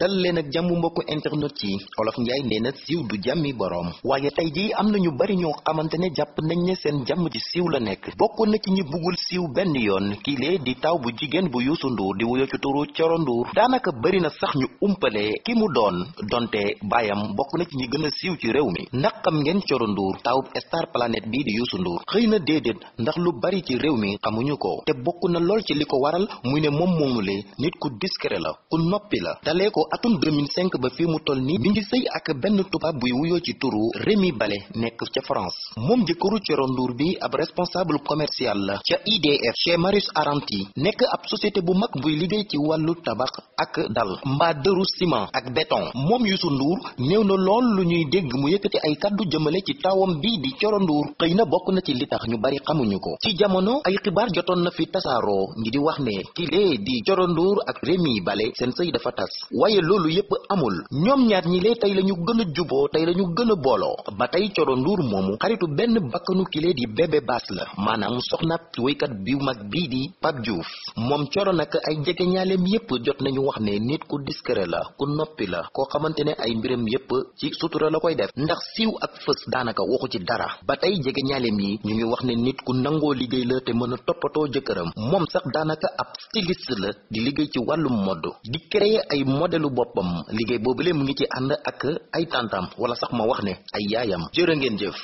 dal leen ak jàmm mbokku internet ci olof njaay nee na siiw du jàmmi boroom waaye tey jii am na ñu bari ñoo xamante ne jàpp nañ ne seen jàmm ji siiw la nekk bokk na ci ñi buggul siiw benn yoon kii lee di taw bu jigéen bu Youssou Ndour di wuyo ci turu Coro Ndour daanaka bari na sax ñu umpale ki mu doon donte baayam bokk na ci ñi gën a siiw ci réew mi ndax xam ngeen Coro Ndour taw Star Planet bii di Youssou Ndour xëy na déedéet ndax lu bari ci réew mi xamuñu ko te bokk na lool ci li ko waral muy ne moom moomu lee nit ku discret la ku noppi la atum 2005 ba fii mu toll ni mi ngi sëy ak benn tubaab buy wuyoo ci turu Rémi bale nekk ca France moom jëkkëru Thioro Ndour bi ab responsable commercial la ca IDF chez Marius nekk ab société bu mag buy liggéey ci wàllu tabax ak dal mba dëru ciment ak béton moom Youssou Ndour néew na lool lu ñuy dégg mu yëkkati ay kàddu jëmale ci taawam bii di Thioro xëy na bokk na ci li tax ñu bari xamuñu ko ci jamono ay xibaar jotoon na fi tasaaroo ngi di wax ne kilée di Thioro Ndour ak Rémi Balé seen sëy dafa tas waaye loolu yépp amul ñoom ñaar ñi lee tey la ñu gën a juboo tey la ñu gën a booloo ba tey Coro Nduur moomu xaritu benn bakkanu kile di bébé baas la maanaam soxna woykat bi mag bii di Pape Diouf moom Coro nag ay jege ñaaleem yépp jot nañu wax ne nit ku discret la ku noppi la koo xamante ne ay mbiram yépp ci sutura la koy def ndax siiw ak fës daanaka waxu ci dara ba tey jege ñaaleem yi ñu ngi wax ne nit ku nangoo liggéey la te mën a toppatoo jëkkëram moom sax daanaka ab styliste di liggéey ci wàllum mode di wàllu boppam liggéey boobule mu ngi ci ànd ak ay tàntam wala sax ma wax ne ay yaayam jërë ngeen jëf